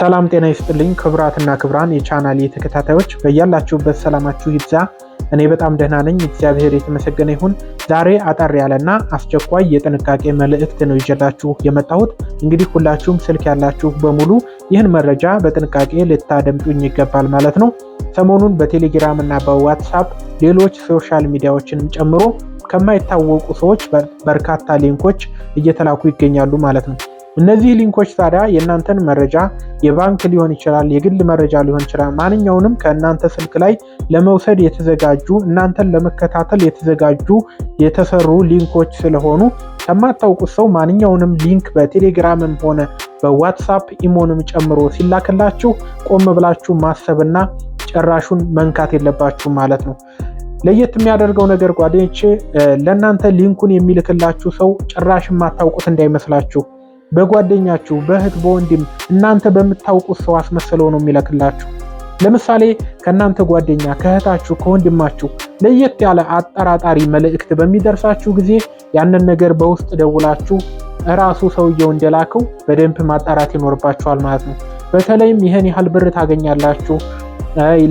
ሰላም ጤና ይስጥልኝ ክብራትና ክብራን የቻናል ተከታታዮች በያላችሁበት ሰላማችሁ ይብዛ። እኔ በጣም ደህና ነኝ፣ እግዚአብሔር የተመሰገነ ይሁን። ዛሬ አጠር ያለና አስቸኳይ የጥንቃቄ መልእክት ነው ይዤላችሁ የመጣሁት። እንግዲህ ሁላችሁም ስልክ ያላችሁ በሙሉ ይህን መረጃ በጥንቃቄ ልታደምጡኝ ይገባል ማለት ነው። ሰሞኑን በቴሌግራም እና በዋትሳፕ ሌሎች ሶሻል ሚዲያዎችንም ጨምሮ ከማይታወቁ ሰዎች በርካታ ሊንኮች እየተላኩ ይገኛሉ ማለት ነው። እነዚህ ሊንኮች ታዲያ የእናንተን መረጃ የባንክ ሊሆን ይችላል፣ የግል መረጃ ሊሆን ይችላል፣ ማንኛውንም ከእናንተ ስልክ ላይ ለመውሰድ የተዘጋጁ እናንተን ለመከታተል የተዘጋጁ የተሰሩ ሊንኮች ስለሆኑ ከማታውቁት ሰው ማንኛውንም ሊንክ በቴሌግራምም ሆነ በዋትሳፕ ኢሞንም ጨምሮ ሲላክላችሁ ቆም ብላችሁ ማሰብና ጭራሹን መንካት የለባችሁ ማለት ነው። ለየት የሚያደርገው ነገር ጓደኞቼ፣ ለእናንተ ሊንኩን የሚልክላችሁ ሰው ጭራሽ የማታውቁት እንዳይመስላችሁ። በጓደኛችሁ፣ በእህት፣ በወንድም እናንተ በምታውቁት ሰው አስመስለው ነው የሚለክላችሁ። ለምሳሌ ከእናንተ ጓደኛ ከእህታችሁ፣ ከወንድማችሁ ለየት ያለ አጠራጣሪ መልእክት በሚደርሳችሁ ጊዜ ያንን ነገር በውስጥ ደውላችሁ እራሱ ሰውየው እንደላከው በደንብ ማጣራት ይኖርባችኋል ማለት ነው። በተለይም ይህን ያህል ብር ታገኛላችሁ፣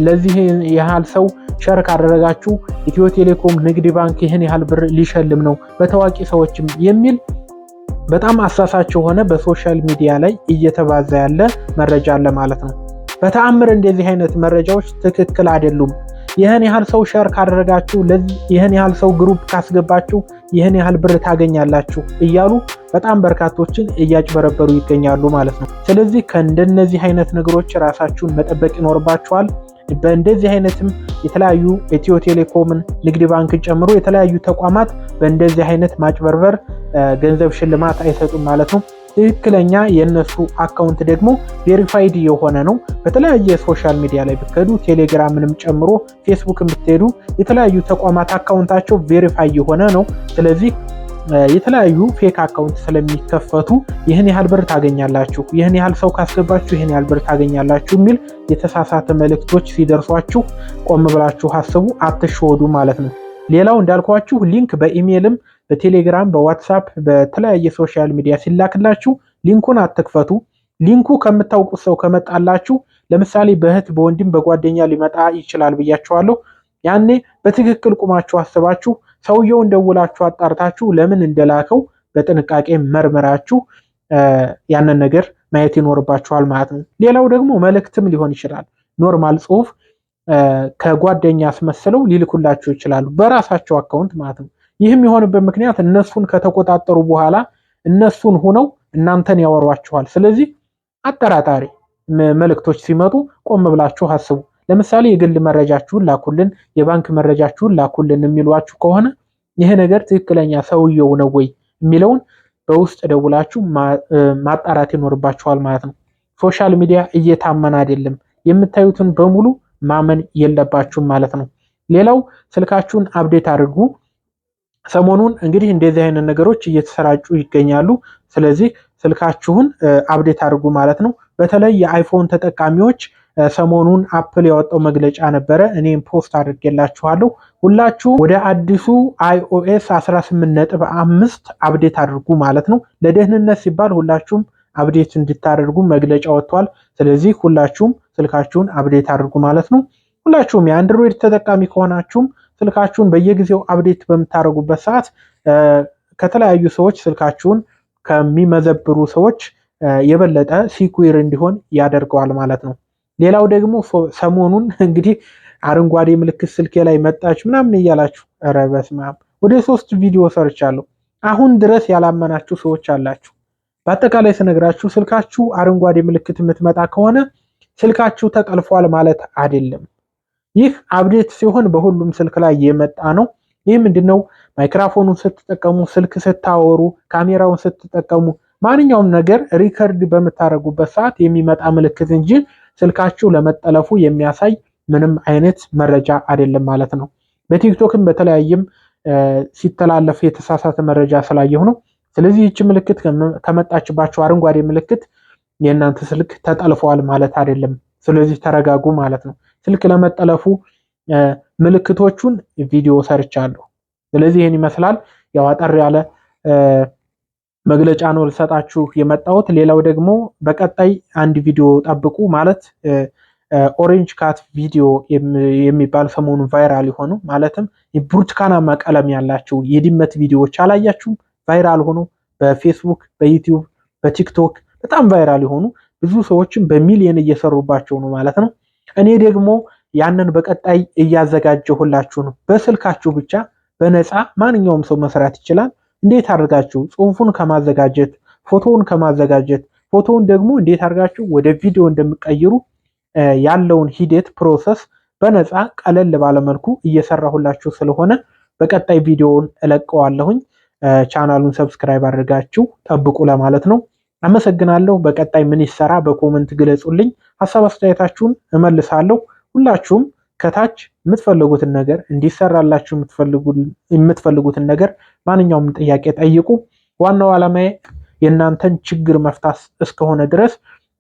ለዚህ ያህል ሰው ሸር ካደረጋችሁ ኢትዮ ቴሌኮም፣ ንግድ ባንክ ይህን ያህል ብር ሊሸልም ነው፣ በታዋቂ ሰዎችም የሚል በጣም አሳሳች የሆነ በሶሻል ሚዲያ ላይ እየተባዛ ያለ መረጃ አለ ማለት ነው። በተአምር እንደዚህ አይነት መረጃዎች ትክክል አይደሉም። ይህን ያህል ሰው ሸር ካደረጋችሁ፣ ይህን ያህል ሰው ግሩፕ ካስገባችሁ፣ ይህን ያህል ብር ታገኛላችሁ እያሉ በጣም በርካቶችን እያጭበረበሩ ይገኛሉ ማለት ነው። ስለዚህ ከእንደነዚህ አይነት ነገሮች ራሳችሁን መጠበቅ ይኖርባችኋል። በእንደዚህ አይነትም የተለያዩ ኢትዮ ቴሌኮምን፣ ንግድ ባንክን ጨምሮ የተለያዩ ተቋማት በእንደዚህ አይነት ማጭበርበር ገንዘብ ሽልማት አይሰጡም ማለት ነው። ትክክለኛ የእነሱ አካውንት ደግሞ ቬሪፋይድ የሆነ ነው። በተለያየ ሶሻል ሚዲያ ላይ ብትሄዱ ቴሌግራምንም ጨምሮ ፌስቡክን ብትሄዱ የተለያዩ ተቋማት አካውንታቸው ቬሪፋይ የሆነ ነው። ስለዚህ የተለያዩ ፌክ አካውንት ስለሚከፈቱ ይህን ያህል ብር ታገኛላችሁ፣ ይህን ያህል ሰው ካስገባችሁ ይህን ያህል ብር ታገኛላችሁ የሚል የተሳሳተ መልእክቶች ሲደርሷችሁ ቆም ብላችሁ አስቡ፣ አትሸወዱ ማለት ነው። ሌላው እንዳልኳችሁ ሊንክ በኢሜይልም በቴሌግራም በዋትሳፕ በተለያየ ሶሻል ሚዲያ ሲላክላችሁ ሊንኩን አትክፈቱ። ሊንኩ ከምታውቁት ሰው ከመጣላችሁ ለምሳሌ በእህት በወንድም በጓደኛ ሊመጣ ይችላል ብያችኋለሁ። ያኔ በትክክል ቁማችሁ አስባችሁ ሰውየውን እንደውላችሁ አጣርታችሁ ለምን እንደላከው በጥንቃቄ መርመራችሁ ያንን ነገር ማየት ይኖርባችኋል ማለት ነው። ሌላው ደግሞ መልእክትም ሊሆን ይችላል። ኖርማል ጽሁፍ ከጓደኛ አስመስለው ሊልኩላችሁ ይችላሉ፣ በራሳቸው አካውንት ማለት ነው። ይህም የሆንበት ምክንያት እነሱን ከተቆጣጠሩ በኋላ እነሱን ሆነው እናንተን ያወሯችኋል። ስለዚህ አጠራጣሪ መልእክቶች ሲመጡ ቆም ብላችሁ አስቡ። ለምሳሌ የግል መረጃችሁን ላኩልን፣ የባንክ መረጃችሁን ላኩልን የሚሏችሁ ከሆነ ይህ ነገር ትክክለኛ ሰውየው ነው ወይ የሚለውን በውስጥ ደውላችሁ ማጣራት ይኖርባችኋል ማለት ነው። ሶሻል ሚዲያ እየታመን አይደለም፣ የምታዩትን በሙሉ ማመን የለባችሁም ማለት ነው። ሌላው ስልካችሁን አብዴት አድርጉ። ሰሞኑን እንግዲህ እንደዚህ አይነት ነገሮች እየተሰራጩ ይገኛሉ። ስለዚህ ስልካችሁን አብዴት አድርጉ ማለት ነው። በተለይ የአይፎን ተጠቃሚዎች ሰሞኑን አፕል ያወጣው መግለጫ ነበረ። እኔም ፖስት አድርጌላችኋለሁ። ሁላችሁ ወደ አዲሱ አይኦኤስ 18 ነጥብ አምስት አብዴት አድርጉ ማለት ነው። ለደህንነት ሲባል ሁላችሁም አብዴት እንድታደርጉ መግለጫ ወጥቷል። ስለዚህ ሁላችሁም ስልካችሁን አብዴት አድርጉ ማለት ነው። ሁላችሁም የአንድሮይድ ተጠቃሚ ከሆናችሁም ስልካችሁን በየጊዜው አብዴት በምታደርጉበት ሰዓት ከተለያዩ ሰዎች ስልካችሁን ከሚመዘብሩ ሰዎች የበለጠ ሲኩር እንዲሆን ያደርገዋል ማለት ነው። ሌላው ደግሞ ሰሞኑን እንግዲህ አረንጓዴ ምልክት ስልኬ ላይ መጣች ምናምን እያላችሁ ኧረ በስመ አብ ወደ ሶስት ቪዲዮ ሰርቻለሁ። አሁን ድረስ ያላመናችሁ ሰዎች አላችሁ። በአጠቃላይ ስነግራችሁ ስልካችሁ አረንጓዴ ምልክት የምትመጣ ከሆነ ስልካችሁ ተጠልፏል ማለት አይደለም። ይህ አብዴት ሲሆን በሁሉም ስልክ ላይ የመጣ ነው። ይህ ምንድነው? ማይክራፎኑን ስትጠቀሙ፣ ስልክ ስታወሩ፣ ካሜራውን ስትጠቀሙ፣ ማንኛውም ነገር ሪከርድ በምታደርጉበት ሰዓት የሚመጣ ምልክት እንጂ ስልካችሁ ለመጠለፉ የሚያሳይ ምንም አይነት መረጃ አይደለም ማለት ነው። በቲክቶክም በተለያየም ሲተላለፍ የተሳሳተ መረጃ ስላየሁ ነው። ስለዚህ ይቺ ምልክት ከመጣችባቸው አረንጓዴ ምልክት የእናንተ ስልክ ተጠልፈዋል ማለት አይደለም። ስለዚህ ተረጋጉ ማለት ነው። ስልክ ለመጠለፉ ምልክቶቹን ቪዲዮ ሰርቻለሁ። ስለዚህ ይህን ይመስላል ያው አጠር ያለ መግለጫ ነው ልሰጣችሁ የመጣሁት። ሌላው ደግሞ በቀጣይ አንድ ቪዲዮ ጠብቁ ማለት ኦሬንጅ ካት ቪዲዮ የሚባል ሰሞኑን ቫይራል የሆኑ ማለትም የብርቱካናማ ቀለም ያላቸው የድመት ቪዲዮዎች አላያችሁም? ቫይራል ሆኖ በፌስቡክ፣ በዩቲዩብ፣ በቲክቶክ በጣም ቫይራል የሆኑ ብዙ ሰዎችም በሚሊየን እየሰሩባቸው ነው ማለት ነው። እኔ ደግሞ ያንን በቀጣይ እያዘጋጀሁላችሁ ነው። በስልካችሁ ብቻ በነፃ ማንኛውም ሰው መስራት ይችላል። እንዴት አድርጋችሁ ጽሁፉን ከማዘጋጀት ፎቶውን ከማዘጋጀት ፎቶውን ደግሞ እንዴት አድርጋችሁ ወደ ቪዲዮ እንደምቀይሩ ያለውን ሂደት ፕሮሰስ በነፃ ቀለል ባለመልኩ እየሰራሁላችሁ ስለሆነ በቀጣይ ቪዲዮውን እለቀዋለሁኝ። ቻናሉን ሰብስክራይብ አድርጋችሁ ጠብቁ ለማለት ነው። አመሰግናለሁ። በቀጣይ ምን ይሰራ በኮመንት ግለጹልኝ። ሀሳብ አስተያየታችሁን እመልሳለሁ። ሁላችሁም ከታች የምትፈልጉትን ነገር እንዲሰራላችሁ የምትፈልጉትን ነገር ማንኛውም ጥያቄ ጠይቁ። ዋናው ዓላማዬ የእናንተን ችግር መፍታት እስከሆነ ድረስ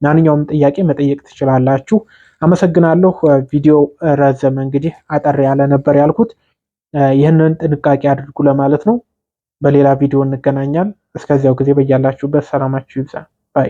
ማንኛውም ጥያቄ መጠየቅ ትችላላችሁ። አመሰግናለሁ። ቪዲዮ ረዘመ እንግዲህ አጠር ያለ ነበር ያልኩት። ይህንን ጥንቃቄ አድርጉ ለማለት ነው። በሌላ ቪዲዮ እንገናኛል። እስከዚያው ጊዜ በያላችሁበት ሰላማችሁ ይብዛ ባይ